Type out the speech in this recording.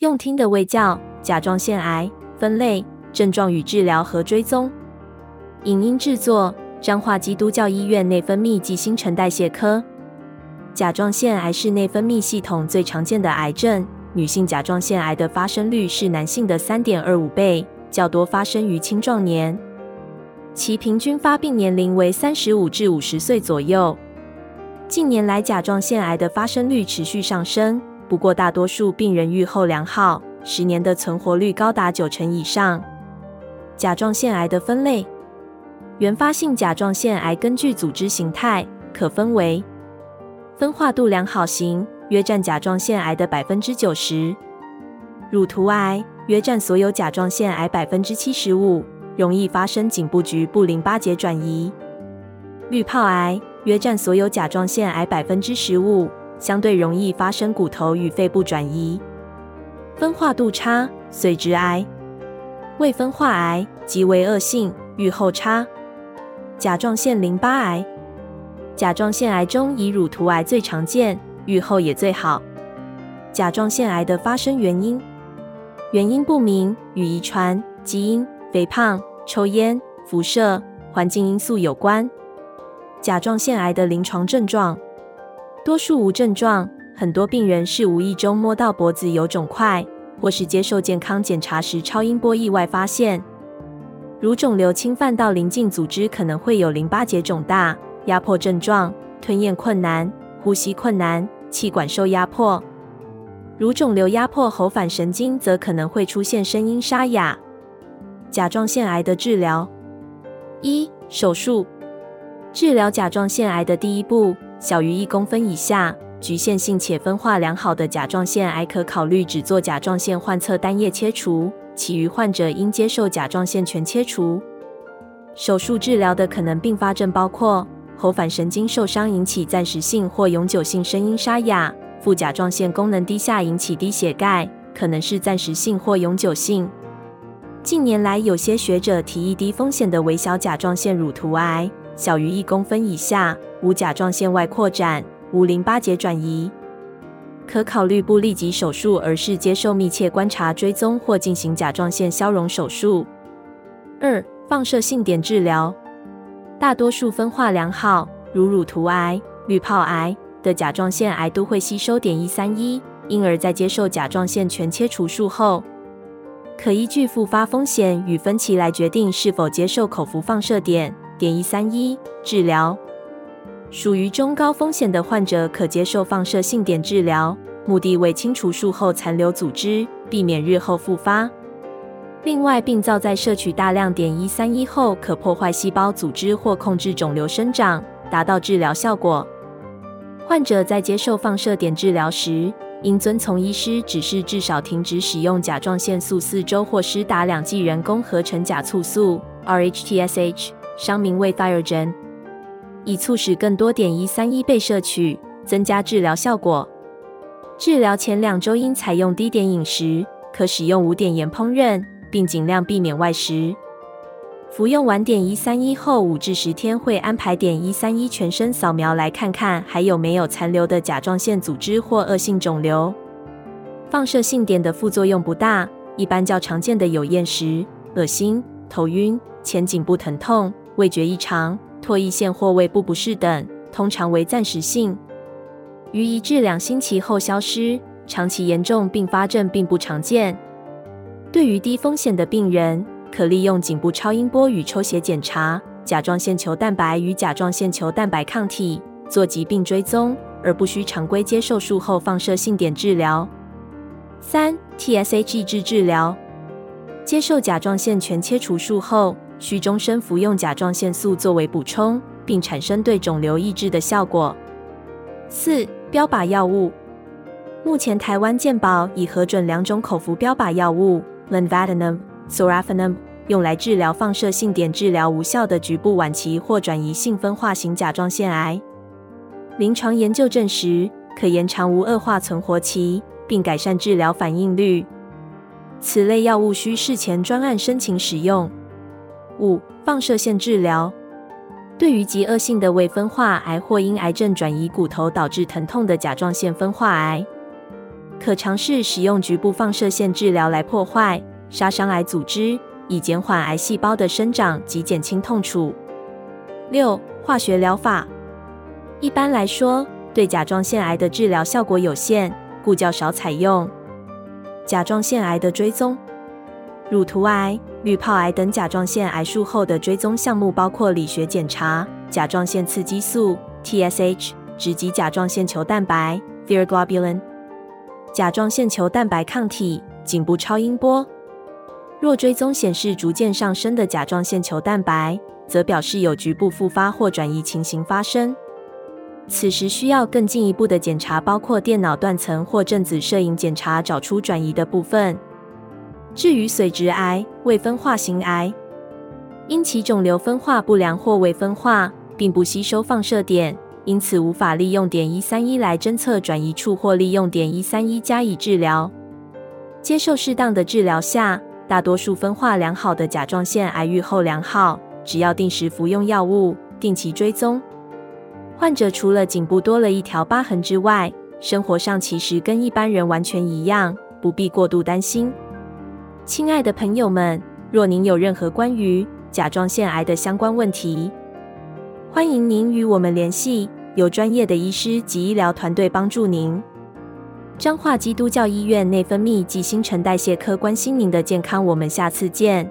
用聽的衛教，甲狀腺癌分類、症狀與治療和追蹤。影音製作：彰化基督教醫院內分泌暨新陳代謝科。甲狀腺癌是內分泌系統最常見的癌症，女性甲狀腺癌的發生率是男性的三點二五倍，較多發生於青壯年，其平均發病年齡為三十五至五十歲左右。近年來，甲狀腺癌的發生率持續上升。不過，大多數病人預後良好，十年的存活率高達九成以上。甲狀腺癌的分類：原發性甲狀腺癌根據組織形態可分為分化度良好型，約佔甲狀腺癌的百分之九十；乳頭癌約佔所有甲狀腺癌百分之七十五，容易發生頸部局部淋巴結轉移；濾泡癌約佔所有甲狀腺癌百分之十五。相對容易發生骨頭與肺部轉移，分化度差，髓質癌、未分化癌即為惡性，預後差。甲狀腺淋巴癌，甲狀腺癌中以乳頭癌最常見，預後也最好。甲狀腺癌的發生原因，原因不明，與遺傳、基因、肥胖、抽菸、輻射、環境因素有關。甲狀腺癌的臨床症狀。多數無症狀，很多病人是無意中摸到脖子有腫塊，或是接受健康檢查時超音波意外發現。如腫瘤侵犯到鄰近組織，可能會有淋巴結腫大、壓迫症狀、吞咽困難、呼吸困難、氣管受壓迫。如腫瘤壓迫喉返神經，則可能會出現聲音沙啞。甲狀腺癌的治療：一、手術。治療甲狀腺癌的第一步。小於一公分以下，局限性，且分化良好的甲狀腺癌可考慮只做甲狀腺患側單葉切除，其餘患者應接受甲狀腺全切除。手術治療的可能併發症包括喉返神經受傷引起暫時性或永久性聲音沙啞，副甲狀腺功能低下引起低血鈣，可能是暫時性或永久性。近年來，有些學者提議低風險的微小甲狀腺乳頭癌，小於一公分以下，無甲狀腺外擴展，無淋巴結轉移，可考慮不立即手術，而是接受密切觀察追蹤或進行甲狀腺消融手術。二、放射性碘治療，大多數分化良好，如乳頭癌、濾泡癌的甲狀腺癌都會吸收碘一三一，因而在接受甲狀腺全切除術後，可以依據復發風險與分期來決定是否接受口服放射碘。碘一三一治療，屬於中高風險的患者可接受放射性碘治療，目的為清除術後殘留組織，避免日後復發。另外，病灶在攝取大量碘一三一後，可破壞細胞組織或控制腫瘤生長，達到治療效果。患者在接受放射碘治療時，應遵從醫師指示，至少停止使用甲狀腺素四週或施打兩劑人工合成甲促素 （rH TSH）。RHTSH 商名為 Firegen，以促使更多碘131被攝取，增加治療效果。治療前兩週應採用低碘飲食，可使用無碘鹽烹飪，並盡量避免外食。服用完碘131後五至十天，會安排碘131全身掃描來看看還有沒有殘留的甲狀腺組織或惡性腫瘤。放射性碘的副作用不大，一般較常見的有厭食、噁心、頭暈、前頸部疼痛。味覺異常、唾液腺或胃部不適等，通常為暫時性，於一至兩星期後消失。長期嚴重併發症並不常見。對於低風險的病人，可利用頸部超音波與抽血檢查甲狀腺球蛋白與甲狀腺球蛋白抗體做疾病追蹤，而不需常規接受術後放射性碘治療。三 TSH 抑制治療，接受甲狀腺全切除術後，需終身服用甲狀腺素作為補充，並產生對腫瘤抑制的效果。四、標靶藥物。目前台灣健保已核准兩種口服標靶藥物 Lenvatinib、Sorafenib 用來治療放射性碘治療無效的局部晚期或轉移性分化型甲狀腺癌。臨床研究證實，可延長無惡化存活期，並改善治療反應率。此類藥物需事前專案申請使用。五、放射線治療，對於極惡性的未分化癌或因癌症轉移骨頭導致疼痛的甲狀腺分化癌，可嘗試使用局部放射線治療來破壞、殺傷癌組織，以減緩癌細胞的生長及減輕痛楚。六、化學療法，一般來說，對甲狀腺癌的治療效果有限，故較少採用。甲狀腺癌的追蹤。乳頭癌、濾泡癌等甲狀腺癌術後的追蹤項目包括理學檢查、甲狀腺刺激素 （TSH）、游離甲狀腺球蛋白 Thyroglobulin、甲狀腺球蛋白抗體、頸部超音波。若追蹤顯示逐漸上升的甲狀腺球蛋白，則表示有局部復發或轉移情形發生。此時需要更進一步的檢查，包括電腦斷層或正子攝影檢查，找出轉移的部分。至於髓質癌、未分化型癌，因其腫瘤分化不良或未分化，並不吸收放射碘，因此無法利用碘一三一來偵測轉移處或利用碘一三一加以治療。接受適當的治療下，大多數分化良好的甲狀腺癌愈後良好，只要定時服用藥物、定期追蹤，患者除了頸部多了一條疤痕之外，生活上其實跟一般人完全一樣，不必過度擔心。親愛的朋友們，若您有任何關於甲狀腺癌的相關問題，歡迎您與我們聯繫，由專業的醫師及醫療團隊幫助您。彰化基督教醫院內分泌暨新陳代謝科關心您的健康，我們下次見。